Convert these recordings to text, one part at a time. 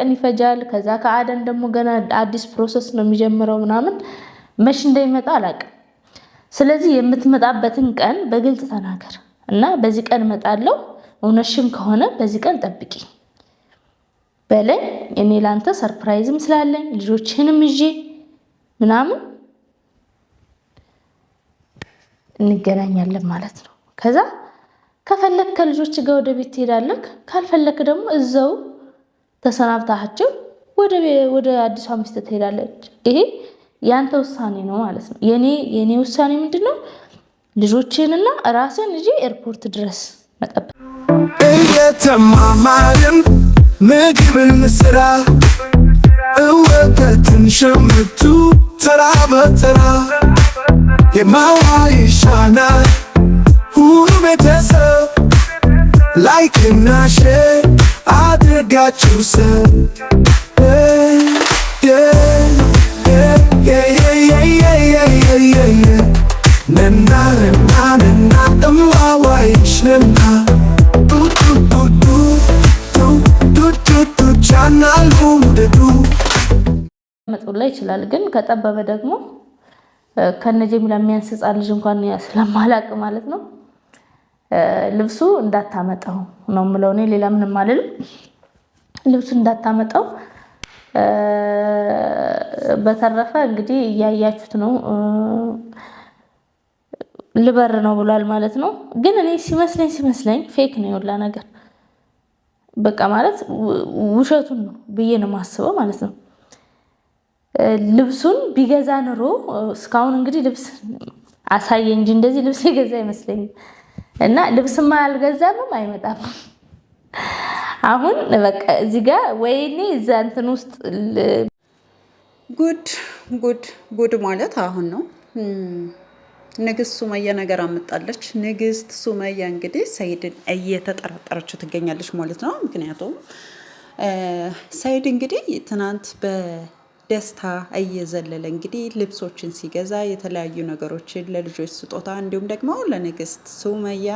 ቀን ይፈጃል። ከዛ ከአደን ደግሞ ገና አዲስ ፕሮሰስ ነው የሚጀምረው ምናምን መሽ እንደሚመጣ አላውቅም። ስለዚህ የምትመጣበትን ቀን በግልጽ ተናገር እና በዚህ ቀን እመጣለሁ፣ እውነሽም ከሆነ በዚህ ቀን ጠብቂ በለኝ። እኔ ላንተ ሰርፕራይዝም ስላለኝ ልጆችህንም ይዤ ምናምን እንገናኛለን ማለት ነው። ከዛ ከፈለክ ከልጆች ጋር ወደ ቤት ትሄዳለህ፣ ካልፈለክ ደግሞ እዛው ተሰናብታችሁ ወደ አዲሷ ሚስት ትሄዳለች። ይሄ ያንተ ውሳኔ ነው ማለት ነው። የኔ ውሳኔ ምንድን ነው? ልጆችንና ራስን ኤርፖርት ድረስ መጠበቅ። እየተማማርን ምግብን ስራ እወተትን ሸምቱ ተራ በተራ የማዋ ይሻናል ሁሉ ቤተሰብ ላይክ እና ሼር አድርጋችሁ መጡላ ይችላል ግን ከጠበበ ደግሞ ከነ የሚያንስ ህፃን ልጅ እንኳን ስለማላቅ ማለት ነው ልብሱ እንዳታመጣው ነው የምለው እኔ ሌላ ምንም አልልም። ልብሱ እንዳታመጣው። በተረፈ እንግዲህ እያያችሁት ነው ልበር ነው ብሏል ማለት ነው። ግን እኔ ሲመስለኝ ሲመስለኝ ፌክ ነው የወላ ነገር በቃ ማለት ውሸቱን ነው ብዬ ነው የማስበው ማለት ነው። ልብሱን ቢገዛ ኑሮ እስካሁን እንግዲህ ልብስ አሳየ እንጂ እንደዚህ ልብስ የገዛ አይመስለኝም። እና ልብስማ አልገዛምም አይመጣም። አሁን በቃ እዚህ ጋር ወይኔ እዛ እንትን ውስጥ ጉድ ጉድ ጉድ ማለት አሁን ነው። ንግስት ሱመያ ነገር አመጣለች። ንግስት ሱመያ እንግዲህ ሰይድን እየተጠራጠረችው ትገኛለች ማለት ነው። ምክንያቱም ሰይድ እንግዲህ ትናንት በ ደስታ እየዘለለ እንግዲህ ልብሶችን ሲገዛ የተለያዩ ነገሮችን ለልጆች ስጦታ እንዲሁም ደግሞ ለንግስት ሱመያ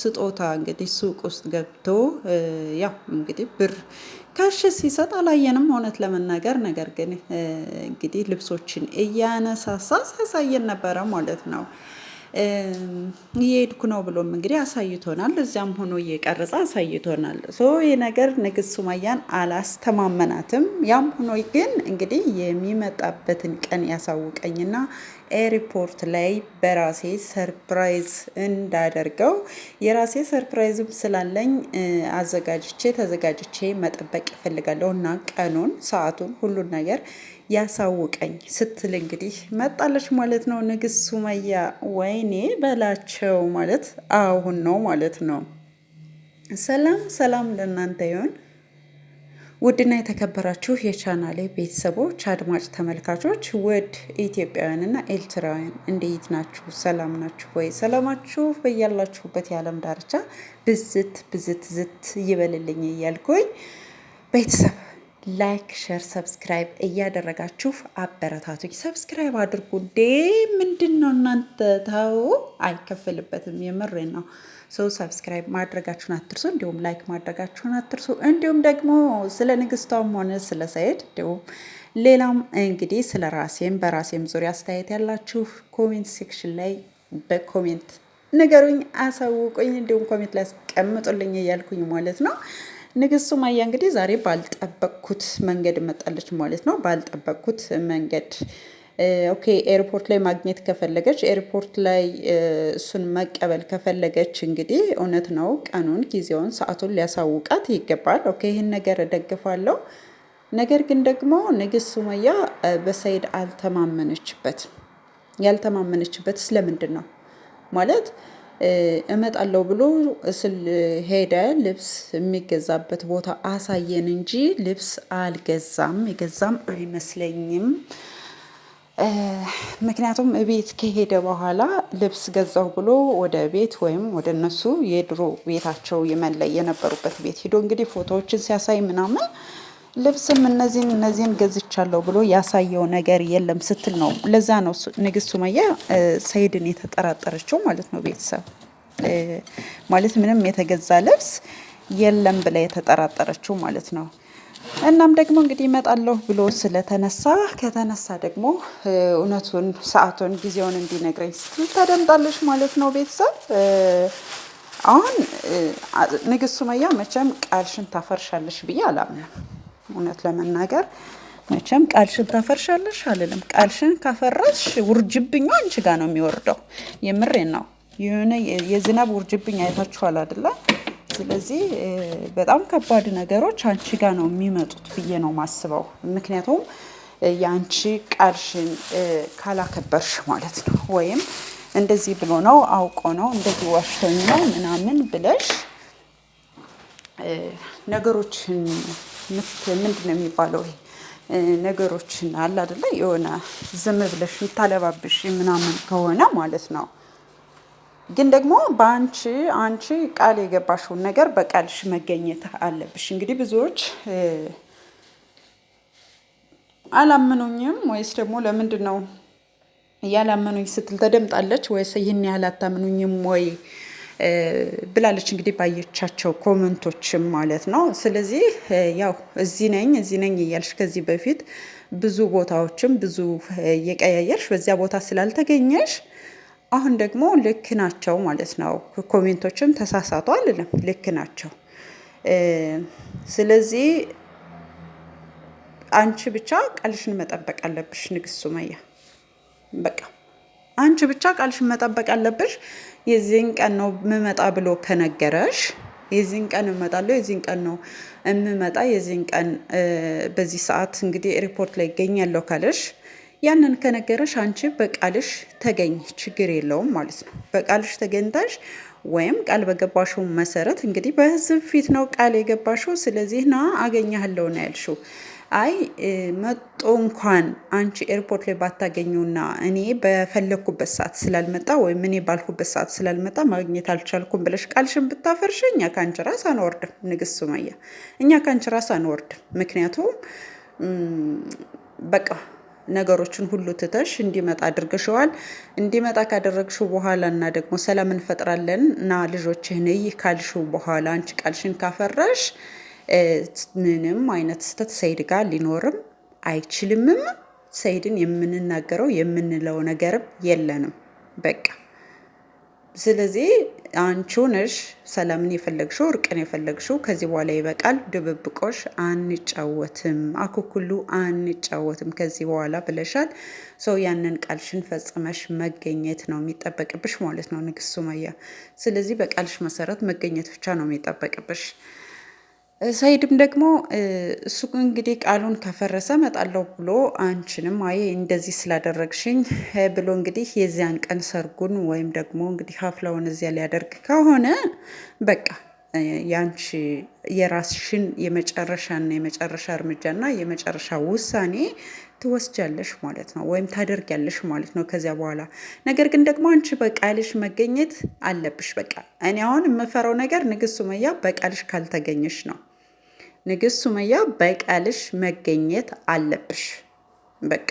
ስጦታ እንግዲህ ሱቅ ውስጥ ገብቶ ያው እንግዲህ ብር ካሽ ሲሰጥ አላየንም እውነት ለመናገር ነገር ግን እንግዲህ ልብሶችን እያነሳሳ ሲያሳየን ነበረ ማለት ነው። እየሄድኩ ነው ብሎም እንግዲህ አሳይቶናል። እዚያም ሆኖ እየቀረጸ አሳይቶናል። ሶ ይህ ነገር ንግስት ሱማያን አላስተማመናትም። ያም ሆኖ ግን እንግዲህ የሚመጣበትን ቀን ያሳውቀኝና ኤርፖርት ላይ በራሴ ሰርፕራይዝ እንዳደርገው የራሴ ሰርፕራይዝም ስላለኝ አዘጋጅቼ ተዘጋጅቼ መጠበቅ እፈልጋለሁ እና ቀኑን፣ ሰዓቱን፣ ሁሉን ነገር ያሳውቀኝ ስትል እንግዲህ መጣለች ማለት ነው ንግስት ሱመያ። ወይኔ በላቸው ማለት አሁን ነው ማለት ነው። ሰላም ሰላም ለእናንተ ይሆን ውድና የተከበራችሁ የቻናሌ ቤተሰቦች አድማጭ ተመልካቾች፣ ውድ ኢትዮጵያውያንና ኤርትራውያን እንዴት ናችሁ? ሰላም ናችሁ ወይ? ሰላማችሁ በያላችሁበት የዓለም ዳርቻ ብዝት ብዝት ዝት ይበልልኝ እያልኩኝ ቤተሰብ ላይክ፣ ሸር፣ ሰብስክራይብ እያደረጋችሁ አበረታቱኝ። ሰብስክራይብ አድርጉ። ዴ ምንድን ነው እናንተ ተው፣ አይከፈልበትም። የምሬ ነው። ሰው ሰብስክራይብ ማድረጋችሁን አትርሱ፣ እንዲሁም ላይክ ማድረጋችሁን አትርሱ። እንዲሁም ደግሞ ስለ ንግስቷም ሆነ ስለ ሰኢድ እንዲሁም ሌላም እንግዲህ ስለ ራሴም በራሴም ዙሪያ አስተያየት ያላችሁ ኮሜንት ሴክሽን ላይ በኮሜንት ነገሩኝ፣ አሳውቁኝ፣ እንዲሁም ኮሜንት ላይ አስቀምጡልኝ እያልኩኝ ማለት ነው። ንግስት ሱመያ እንግዲህ ዛሬ ባልጠበቅኩት መንገድ መጣለች ማለት ነው። ባልጠበቅኩት መንገድ ኦኬ፣ ኤርፖርት ላይ ማግኘት ከፈለገች ኤርፖርት ላይ እሱን መቀበል ከፈለገች እንግዲህ እውነት ነው ቀኑን፣ ጊዜውን፣ ሰዓቱን ሊያሳውቃት ይገባል። ኦኬ፣ ይህን ነገር እደግፋለሁ። ነገር ግን ደግሞ ንግስት ሱመያ በሰይድ አልተማመነችበት። ያልተማመነችበት ስለምንድን ነው ማለት እመጣለሁ ብሎ ስል ሄደ። ልብስ የሚገዛበት ቦታ አሳየን እንጂ ልብስ አልገዛም። የገዛም አይመስለኝም። ምክንያቱም ቤት ከሄደ በኋላ ልብስ ገዛው ብሎ ወደ ቤት ወይም ወደ እነሱ የድሮ ቤታቸው የመለየ የነበሩበት ቤት ሄዶ እንግዲህ ፎቶዎችን ሲያሳይ ምናምን ልብስም እነዚህን እነዚህን ገዝቻለሁ ብሎ ያሳየው ነገር የለም ስትል ነው። ለዛ ነው ንግስት ሱመያ ሰይድን የተጠራጠረችው ማለት ነው። ቤተሰብ ማለት ምንም የተገዛ ልብስ የለም ብላ የተጠራጠረችው ማለት ነው። እናም ደግሞ እንግዲህ እመጣለሁ ብሎ ስለተነሳ ከተነሳ ደግሞ እውነቱን ሰዓቱን ጊዜውን እንዲነግረኝ ስትል ተደምጣለች ማለት ነው። ቤተሰብ አሁን ንግስት ሱመያ መቼም ቃልሽን ታፈርሻለሽ ብዬ አላምንም። እውነት ለመናገር መቼም ቃልሽን ታፈርሻለሽ አልልም። ቃልሽን ካፈራሽ ውርጅብኛ አንቺ ጋ ነው የሚወርደው። የምሬን ነው። የሆነ የዝናብ ውርጅብኝ አይታችኋል አይደለ? ስለዚህ በጣም ከባድ ነገሮች አንቺ ጋ ነው የሚመጡት ብዬ ነው ማስበው። ምክንያቱም የአንቺ ቃልሽን ካላከበርሽ ማለት ነው። ወይም እንደዚህ ብሎ ነው አውቆ ነው እንደዚህ ዋሽቶኝ ነው ምናምን ብለሽ ነገሮችን ምንድን ነው የሚባለው ይሄ ነገሮችን አለ አደለ የሆነ ዝም ብለሽ የምታለባብሽ ምናምን ከሆነ ማለት ነው። ግን ደግሞ በአንቺ አንቺ ቃል የገባሽውን ነገር በቃልሽ መገኘት አለብሽ። እንግዲህ ብዙዎች አላመኑኝም ወይስ ደግሞ ለምንድን ነው እያላመኑኝ ስትል ተደምጣለች ወይስ ይህን ያህል አታምኑኝም ወይ ብላለች እንግዲህ ባየቻቸው ኮመንቶችም ማለት ነው። ስለዚህ ያው እዚህ ነኝ እዚህ ነኝ እያልሽ ከዚህ በፊት ብዙ ቦታዎችም ብዙ እየቀያየርሽ በዚያ ቦታ ስላልተገኘሽ አሁን ደግሞ ልክ ናቸው ማለት ነው። ኮሜንቶችም ተሳሳቱ አልልም፣ ልክ ናቸው። ስለዚህ አንቺ ብቻ ቃልሽን መጠበቅ አለብሽ ንግስት ሱመያ። በቃ አንቺ ብቻ ቃልሽን መጠበቅ አለብሽ። የዚህን ቀን ነው ምመጣ ብሎ ከነገረሽ የዚህን ቀን እመጣለሁ፣ የዚህን ቀን ነው የምመጣ፣ የዚህን ቀን በዚህ ሰዓት እንግዲህ ሪፖርት ላይ ይገኛለሁ ካለሽ ያንን ከነገረሽ አንቺ በቃልሽ ተገኝ፣ ችግር የለውም ማለት ነው። በቃልሽ ተገኝታሽ ወይም ቃል በገባሽው መሰረት እንግዲህ በህዝብ ፊት ነው ቃል የገባሽው። ስለዚህ ና አገኛለሁ ነው ያልሽው። አይ መጦ እንኳን አንቺ ኤርፖርት ላይ ባታገኘውና እኔ በፈለግኩበት ሰዓት ስላልመጣ ወይም እኔ ባልኩበት ሰዓት ስላልመጣ ማግኘት አልቻልኩም ብለሽ ቃልሽን ብታፈርሽ እኛ ከአንቺ ራስ አንወርድም። ንግስት ሱመያ እኛ ከአንቺ ራስ አንወርድም። ምክንያቱም በቃ ነገሮችን ሁሉ ትተሽ እንዲመጣ አድርገሽዋል። እንዲመጣ ካደረግሽው በኋላ እና ደግሞ ሰላም እንፈጥራለን እና ልጆችህን ይህ ካልሽው በኋላ አንቺ ቃልሽን ካፈራሽ ምንም አይነት ስህተት ሰይድ ጋር ሊኖርም አይችልምም። ሰይድን የምንናገረው የምንለው ነገርም የለንም። በቃ ስለዚህ አንቺ ነሽ ሰላምን የፈለግሽው እርቅን የፈለግሽው። ከዚህ በኋላ ይበቃል፣ ድብብቆሽ አንጫወትም፣ አኩኩሉ አንጫወትም ከዚህ በኋላ ብለሻል። ሰው ያንን ቃልሽን ፈጽመሽ መገኘት ነው የሚጠበቅብሽ ማለት ነው ንግስት ሱመያ። ስለዚህ በቃልሽ መሰረት መገኘት ብቻ ነው የሚጠበቅብሽ። ሰይድም ደግሞ እሱ እንግዲህ ቃሉን ከፈረሰ መጣለው ብሎ አንቺንም አይ እንደዚህ ስላደረግሽኝ ብሎ እንግዲህ የዚያን ቀን ሰርጉን ወይም ደግሞ እንግዲህ ሀፍላውን እዚያ ሊያደርግ ከሆነ በቃ የአንቺ የራስሽን የመጨረሻና የመጨረሻ እርምጃና የመጨረሻ ውሳኔ ትወስጃለሽ ማለት ነው፣ ወይም ታደርጊያለሽ ማለት ነው ከዚያ በኋላ። ነገር ግን ደግሞ አንቺ በቃልሽ መገኘት አለብሽ። በቃ እኔ አሁን የምፈራው ነገር ንግስት ሱመያ በቃልሽ ካልተገኘሽ ነው። ንግስት ሱመያ በቀልሽ መገኘት አለብሽ። በቃ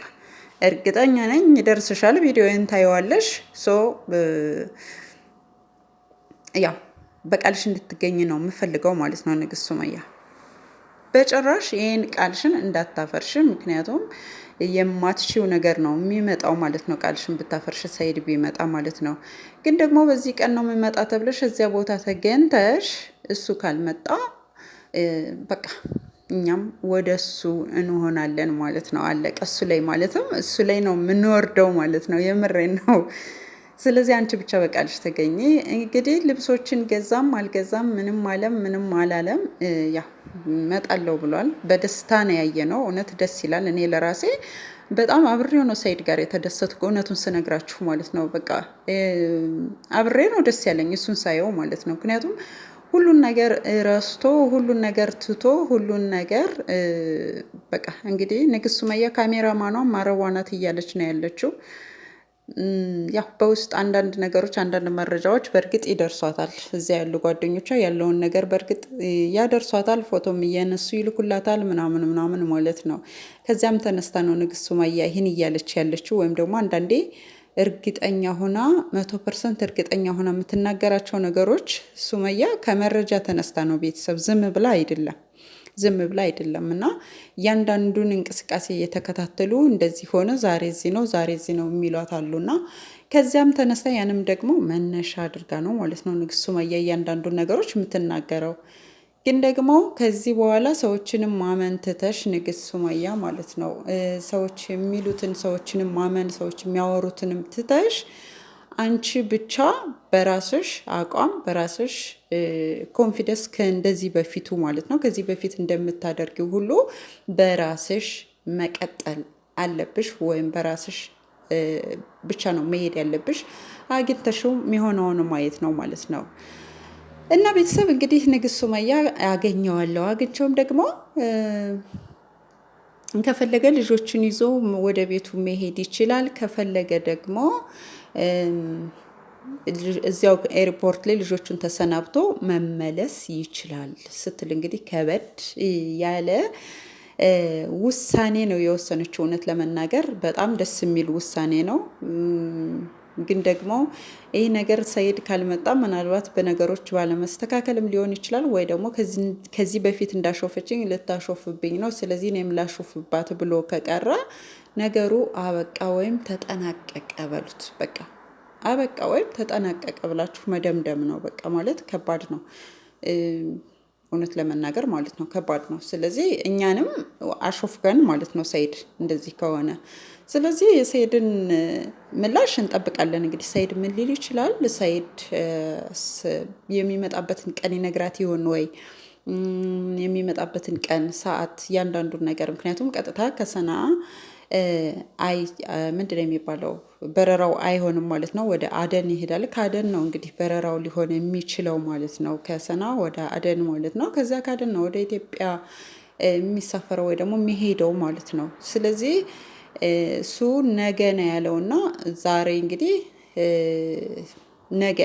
እርግጠኛ ነኝ ይደርስሻል። ቪዲዮን ታየዋለሽ። ሶ ያው በቃልሽ እንድትገኝ ነው የምፈልገው ማለት ነው ንግስት ሱመያ። በጭራሽ ይህን ቃልሽን እንዳታፈርሽ፣ ምክንያቱም የማትችው ነገር ነው የሚመጣው ማለት ነው። ቃልሽን ብታፈርሽ ሰኢድ ቢመጣ ማለት ነው። ግን ደግሞ በዚህ ቀን ነው የሚመጣ ተብለሽ እዚያ ቦታ ተገኝተሽ እሱ ካልመጣ በቃ እኛም ወደ እሱ እንሆናለን ማለት ነው። አለቀ። እሱ ላይ ማለትም እሱ ላይ ነው የምንወርደው ማለት ነው። የምሬ ነው። ስለዚህ አንቺ ብቻ በቃልሽ ተገኘ። እንግዲህ ልብሶችን ገዛም አልገዛም ምንም አለም ምንም አላለም ያ መጣለው ብሏል። በደስታ ነው ያየ ነው። እውነት ደስ ይላል። እኔ ለራሴ በጣም አብሬው ነው ሳይድ ጋር የተደሰትኩ እውነቱን ስነግራችሁ ማለት ነው። በቃ አብሬ ነው ደስ ያለኝ እሱን ሳየው ማለት ነው። ምክንያቱም ሁሉን ነገር ረስቶ ሁሉን ነገር ትቶ ሁሉን ነገር በቃ እንግዲህ ንግስት ሱመያ ካሜራማኗን ማረቧናት እያለች ነው ያለችው። ያው በውስጥ አንዳንድ ነገሮች አንዳንድ መረጃዎች በእርግጥ ይደርሷታል። እዚያ ያሉ ጓደኞቿ ያለውን ነገር በእርግጥ ያደርሷታል። ፎቶም እየነሱ ይልኩላታል ምናምን ምናምን ማለት ነው። ከዚያም ተነስታ ነው ንግስት ሱመያ ይህን እያለች ያለችው ወይም ደግሞ አንዳንዴ እርግጠኛ ሆና መቶ ፐርሰንት እርግጠኛ ሆና የምትናገራቸው ነገሮች ሱመያ ከመረጃ ተነስታ ነው። ቤተሰብ ዝም ብላ አይደለም ዝም ብላ አይደለም። እና እያንዳንዱን እንቅስቃሴ እየተከታተሉ እንደዚህ ሆነ፣ ዛሬ እዚህ ነው፣ ዛሬ እዚህ ነው የሚሏት እና ከዚያም ተነስታ ያንም ደግሞ መነሻ አድርጋ ነው ማለት ነው ንግስት ሱመያ እያንዳንዱን ነገሮች የምትናገረው። ግን ደግሞ ከዚህ በኋላ ሰዎችንም ማመን ትተሽ ንግስት ሱመያ ማለት ነው ሰዎች የሚሉትን ሰዎችንም ማመን ሰዎች የሚያወሩትንም ትተሽ አንቺ ብቻ በራስሽ አቋም በራስሽ ኮንፊደንስ ከእንደዚህ በፊቱ ማለት ነው ከዚህ በፊት እንደምታደርጊው ሁሉ በራስሽ መቀጠል አለብሽ ወይም በራስሽ ብቻ ነው መሄድ ያለብሽ። አግኝተሽው የሚሆነውን ማየት ነው ማለት ነው። እና ቤተሰብ እንግዲህ ንግስት ሱመያ አገኘዋለሁ። አግኝቼውም ደግሞ ከፈለገ ልጆችን ይዞ ወደ ቤቱ መሄድ ይችላል። ከፈለገ ደግሞ እዚያው ኤርፖርት ላይ ልጆቹን ተሰናብቶ መመለስ ይችላል ስትል እንግዲህ ከበድ ያለ ውሳኔ ነው የወሰነችው። እውነት ለመናገር በጣም ደስ የሚል ውሳኔ ነው። ግን ደግሞ ይህ ነገር ሰይድ ካልመጣ ምናልባት በነገሮች ባለመስተካከልም ሊሆን ይችላል፣ ወይ ደግሞ ከዚህ በፊት እንዳሾፈችኝ ልታሾፍብኝ ነው፣ ስለዚህ እኔም ላሾፍባት ብሎ ከቀረ ነገሩ አበቃ ወይም ተጠናቀቀ በሉት። በቃ አበቃ ወይም ተጠናቀቀ ብላችሁ መደምደም ነው። በቃ ማለት ከባድ ነው። እውነት ለመናገር ማለት ነው ከባድ ነው። ስለዚህ እኛንም አሾፍገን ማለት ነው ሰይድ እንደዚህ ከሆነ ስለዚህ የሰይድን ምላሽ እንጠብቃለን። እንግዲህ ሰይድ ምን ሊል ይችላል? ሰይድ የሚመጣበትን ቀን ይነግራት ይሆን ወይ? የሚመጣበትን ቀን፣ ሰዓት፣ እያንዳንዱን ነገር ምክንያቱም ቀጥታ ከሰና አይ የሚባለው በረራው አይሆንም ማለት ነው። ወደ አደን ይሄዳል። ከአደን ነው እንግዲህ በረራው ሊሆን የሚችለው ማለት ነው። ከሰና ወደ አደን ማለት ነው። ከዚያ ከአደን ነው ወደ ኢትዮጵያ የሚሳፈረው ወይ ደግሞ የሚሄደው ማለት ነው። ስለዚህ እሱ ነገ ነው ያለውና ዛሬ እንግዲህ ነገ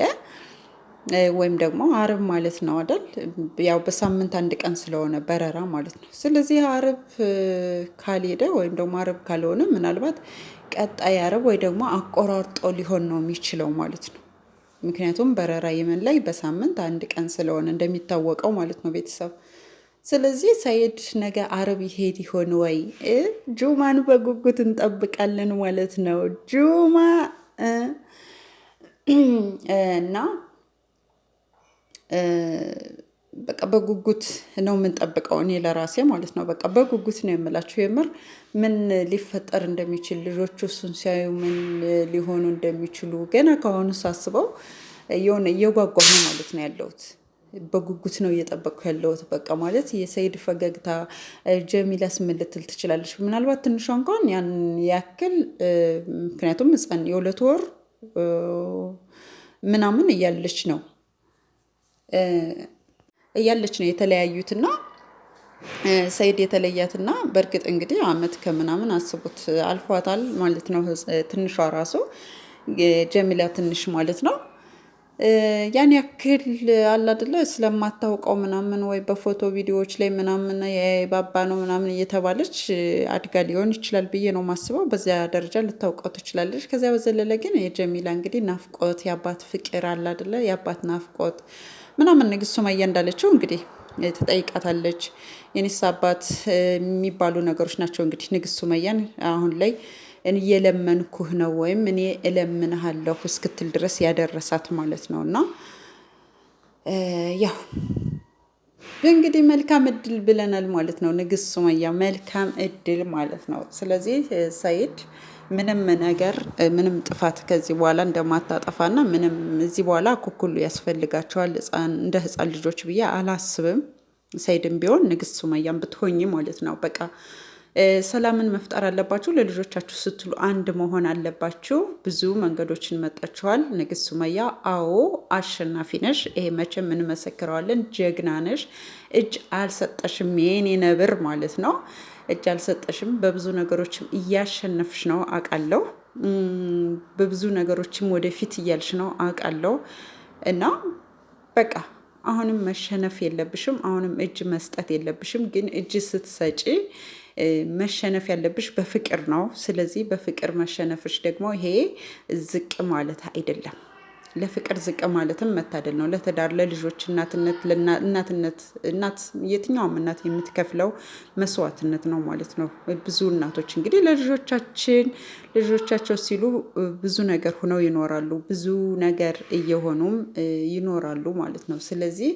ወይም ደግሞ አርብ ማለት ነው አይደል? ያው በሳምንት አንድ ቀን ስለሆነ በረራ ማለት ነው። ስለዚህ አርብ ካልሄደ ወይም ደግሞ አርብ ካልሆነ ምናልባት ቀጣይ አርብ ወይ ደግሞ አቆራርጦ ሊሆን ነው የሚችለው ማለት ነው። ምክንያቱም በረራ የመን ላይ በሳምንት አንድ ቀን ስለሆነ እንደሚታወቀው ማለት ነው ቤተሰብ ስለዚህ ሰይድ ነገ አረብ ይሄድ ይሆን ወይ? ጁማን በጉጉት እንጠብቃለን ማለት ነው። ጁማ እና በቃ በጉጉት ነው የምንጠብቀው። እኔ ለራሴ ማለት ነው በቃ በጉጉት ነው የምላቸው። የምር ምን ሊፈጠር እንደሚችል ልጆቹ እሱን ሲያዩ ምን ሊሆኑ እንደሚችሉ ገና ከአሁኑ ሳስበው የሆነ እየጓጓሁ ማለት ነው ያለሁት። በጉጉት ነው እየጠበቅኩ ያለሁት። በቃ ማለት የሰይድ ፈገግታ ጀሚላስ ምን ልትል ትችላለች? ምናልባት ትንሿ እንኳን ያን ያክል ምክንያቱም ሕፃን የሁለት ወር ምናምን እያለች ነው እያለች ነው የተለያዩትና ሰይድ የተለያትና በእርግጥ እንግዲህ አመት ከምናምን አስቡት አልፏታል ማለት ነው። ትንሿ ራሱ ጀሚላ ትንሽ ማለት ነው ያን ያክል አለ ስለማታውቀው ምናምን ወይ በፎቶ ቪዲዮዎች ላይ ምናምን የባባ ነው ምናምን እየተባለች አድጋ ሊሆን ይችላል ብዬ ነው ማስበው። በዚያ ደረጃ ልታውቀው ትችላለች። ከዚያ በዘለለ ግን የጀሚላ እንግዲህ ናፍቆት፣ የአባት ፍቅር አለ የአባት ናፍቆት ምናምን ንግስት ሱመያ እንዳለችው እንግዲህ ትጠይቃታለች። የኔስ አባት የሚባሉ ነገሮች ናቸው እንግዲህ ንግስት ሱመያን አሁን ላይ እየለመንኩህ ነው ወይም እኔ እለምንሃለሁ እስክትል ድረስ ያደረሳት ማለት ነው። እና ያው እንግዲህ መልካም እድል ብለናል ማለት ነው። ንግስት ሱመያ መልካም እድል ማለት ነው። ስለዚህ ሳይድ ምንም ነገር ምንም ጥፋት ከዚህ በኋላ እንደማታጠፋና ምንም እዚህ በኋላ ኩኩሉ ያስፈልጋቸዋል እንደ ህፃን ልጆች ብዬ አላስብም። ሳይድም ቢሆን ንግስት ሱመያም ብትሆኝ ማለት ነው በቃ ሰላምን መፍጠር አለባችሁ። ለልጆቻችሁ ስትሉ አንድ መሆን አለባችሁ። ብዙ መንገዶችን መጣችኋል። ንግስት ሱመያ አዎ አሸናፊ ነሽ። ይሄ መቼም እንመሰክረዋለን። ጀግና ነሽ። እጅ አልሰጠሽም። የኔ ነብር ማለት ነው። እጅ አልሰጠሽም። በብዙ ነገሮችም እያሸነፍሽ ነው አውቃለሁ። በብዙ ነገሮችም ወደፊት እያልሽ ነው አውቃለሁ። እና በቃ አሁንም መሸነፍ የለብሽም። አሁንም እጅ መስጠት የለብሽም። ግን እጅ ስትሰጪ መሸነፍ ያለብሽ በፍቅር ነው። ስለዚህ በፍቅር መሸነፍሽ ደግሞ ይሄ ዝቅ ማለት አይደለም። ለፍቅር ዝቅ ማለትም መታደል ነው። ለትዳር፣ ለልጆች እናትነት፣ እናትነት እናት የትኛውም እናት የምትከፍለው መስዋዕትነት ነው ማለት ነው። ብዙ እናቶች እንግዲህ ለልጆቻችን ልጆቻቸው ሲሉ ብዙ ነገር ሆነው ይኖራሉ። ብዙ ነገር እየሆኑም ይኖራሉ ማለት ነው። ስለዚህ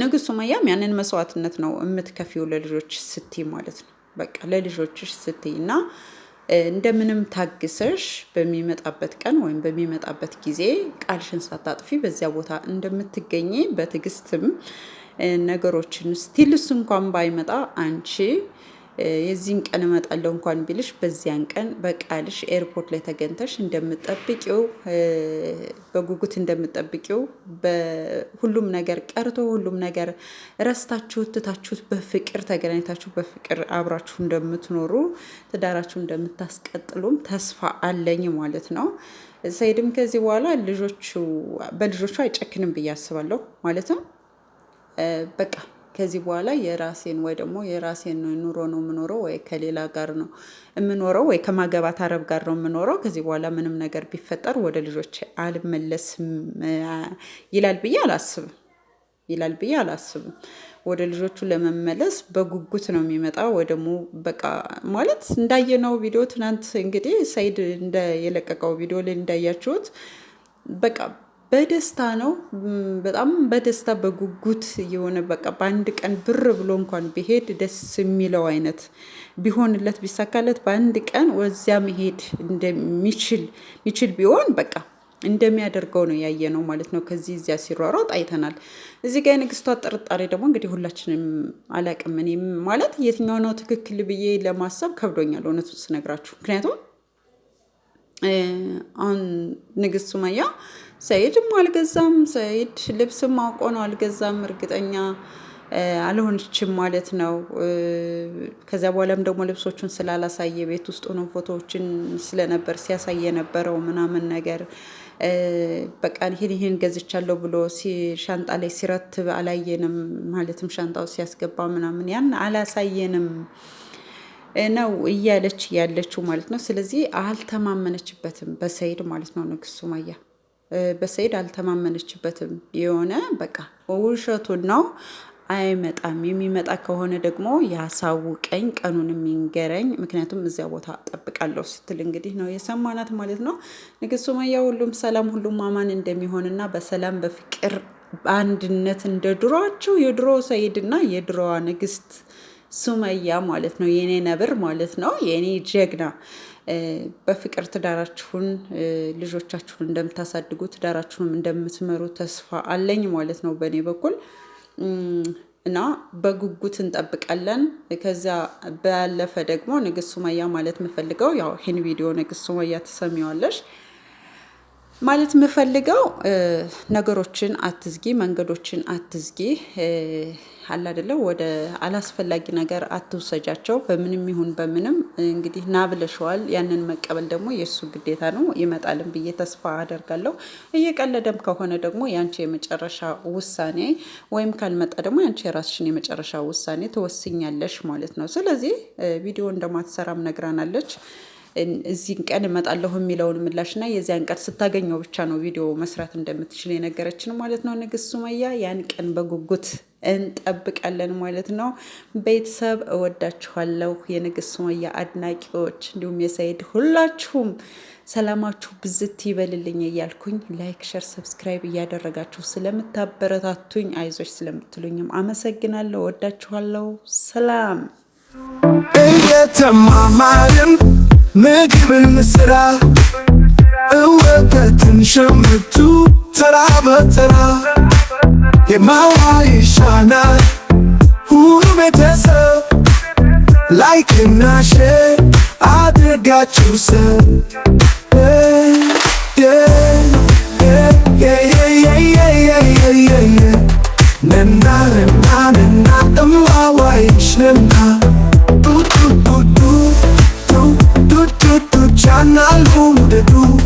ንግስት ሱመያም ያንን መስዋዕትነት ነው የምትከፊው ለልጆች ስትይ ማለት ነው። በቃ ለልጆችሽ ስትይ እና እንደምንም ታግሰሽ በሚመጣበት ቀን ወይም በሚመጣበት ጊዜ ቃልሽን ሳታጥፊ በዚያ ቦታ እንደምትገኝ በትዕግስትም ነገሮችን ስቲልስ እንኳን ባይመጣ አንቺ የዚህን ቀን እመጣለሁ እንኳን ቢልሽ በዚያን ቀን በቃልሽ ኤርፖርት ላይ ተገኝተሽ እንደምጠብቂው በጉጉት እንደምጠብቂው ሁሉም ነገር ቀርቶ ሁሉም ነገር ረስታችሁ ትታችሁት በፍቅር ተገናኝታችሁ በፍቅር አብራችሁ እንደምትኖሩ ትዳራችሁ እንደምታስቀጥሉም ተስፋ አለኝ ማለት ነው። ሰይድም ከዚህ በኋላ ልጆቹ በልጆቹ አይጨክንም ብዬ አስባለሁ ማለት በቃ ከዚህ በኋላ የራሴን ወይ ደግሞ የራሴን ኑሮ ነው የምኖረው፣ ወይ ከሌላ ጋር ነው የምኖረው፣ ወይ ከማገባት አረብ ጋር ነው የምኖረው። ከዚህ በኋላ ምንም ነገር ቢፈጠር ወደ ልጆች አልመለስም ይላል ብዬ አላስብም ይላል ብዬ አላስብም። ወደ ልጆቹ ለመመለስ በጉጉት ነው የሚመጣ። ወይ ደግሞ በቃ ማለት እንዳየነው ቪዲዮ ትናንት እንግዲህ ሰይድ የለቀቀው ቪዲዮ ላይ እንዳያችሁት በቃ በደስታ ነው። በጣም በደስታ በጉጉት የሆነ በቃ በአንድ ቀን ብር ብሎ እንኳን ቢሄድ ደስ የሚለው አይነት ቢሆንለት ቢሳካለት በአንድ ቀን ወዚያ መሄድ እንደሚችል ሚችል ቢሆን በቃ እንደሚያደርገው ነው ያየ ነው ማለት ነው። ከዚህ እዚያ ሲሯሯጥ አይተናል። እዚህ ጋር የንግስቷ ጥርጣሬ ደግሞ እንግዲህ ሁላችንም አላቅም። ማለት የትኛው ነው ትክክል ብዬ ለማሰብ ከብዶኛል እውነቱ ስነግራችሁ። ምክንያቱም አሁን ንግስት ሱመያ ሰይድም አልገዛም። ሰይድ ልብስም አውቆ ነው አልገዛም። እርግጠኛ አልሆነችም ማለት ነው። ከዚያ በኋላም ደግሞ ልብሶቹን ስላላሳየ ቤት ውስጥ ሆኖ ፎቶዎችን ስለነበር ሲያሳይ የነበረው ምናምን ነገር በቃ ይህን ይህን ገዝቻለሁ ብሎ ሻንጣ ላይ ሲረትብ አላየንም። ማለትም ሻንጣው ሲያስገባ ምናምን ያን አላሳየንም ነው እያለች ያለችው ማለት ነው። ስለዚህ አልተማመነችበትም በሰይድ ማለት ነው ንግስት ሱመያ በሰይድ አልተማመነችበትም። የሆነ በቃ ውሸቱን ነው አይመጣም። የሚመጣ ከሆነ ደግሞ ያሳውቀኝ፣ ቀኑን የሚንገረኝ ምክንያቱም እዚያ ቦታ ጠብቃለሁ ስትል እንግዲህ ነው የሰማናት ማለት ነው። ንግስት ሱመያ ሁሉም ሰላም፣ ሁሉም አማን እንደሚሆንና በሰላም በፍቅር በአንድነት እንደ ድሮአቸው የድሮ ሰይድና የድሮዋ ንግስት ሱመያ ማለት ነው። የኔ ነብር ማለት ነው። የኔ ጀግና በፍቅር ትዳራችሁን ልጆቻችሁን እንደምታሳድጉ ትዳራችሁንም እንደምትመሩ ተስፋ አለኝ ማለት ነው በእኔ በኩል እና በጉጉት እንጠብቃለን። ከዚያ ባለፈ ደግሞ ንግስት ሱመያ ማለት የምፈልገው ያው ይህን ቪዲዮ ንግስት ሱመያ ትሰሚዋለሽ ማለት የምፈልገው ነገሮችን አትዝጊ፣ መንገዶችን አትዝጊ። አለ አይደለ ወደ አላስፈላጊ ነገር አትውሰጃቸው። በምንም ይሁን በምንም እንግዲህ ና ብለሸዋል። ያንን መቀበል ደግሞ የእሱ ግዴታ ነው። ይመጣልን ብዬ ተስፋ አደርጋለሁ። እየቀለደም ከሆነ ደግሞ የአንቺ የመጨረሻ ውሳኔ ወይም ካልመጣ ደግሞ የአንቺ የራስሽን የመጨረሻ ውሳኔ ትወስኛለሽ ማለት ነው። ስለዚህ ቪዲዮ እንደማትሰራም ነግራናለች። እዚህን ቀን እመጣለሁ የሚለውን ምላሽና የዚያን ቀን ስታገኘው ብቻ ነው ቪዲዮ መስራት እንደምትችል የነገረችን ማለት ነው ንግስት ሱመያ። ያን ቀን በጉጉት እንጠብቃለን ማለት ነው። ቤተሰብ እወዳችኋለሁ፣ የንግስት ሱመያ አድናቂዎች እንዲሁም የሰይድ ሁላችሁም ሰላማችሁ ብዝት ይበልልኝ እያልኩኝ ላይክ፣ ሸር፣ ሰብስክራይብ እያደረጋችሁ ስለምታበረታቱኝ አይዞች ስለምትሉኝም አመሰግናለሁ። እወዳችኋለሁ። ሰላም እየተማማርን ምግብን ስራ እወተትን ሸምቱ ተራ በተራ የማዋ ይሻናል ሁሉ ቤተሰብ ላይክ እና ሼር አድርጋችሁ ሰብ ነና ነና ነና እማዋይሽ ነና Canal Mundo Du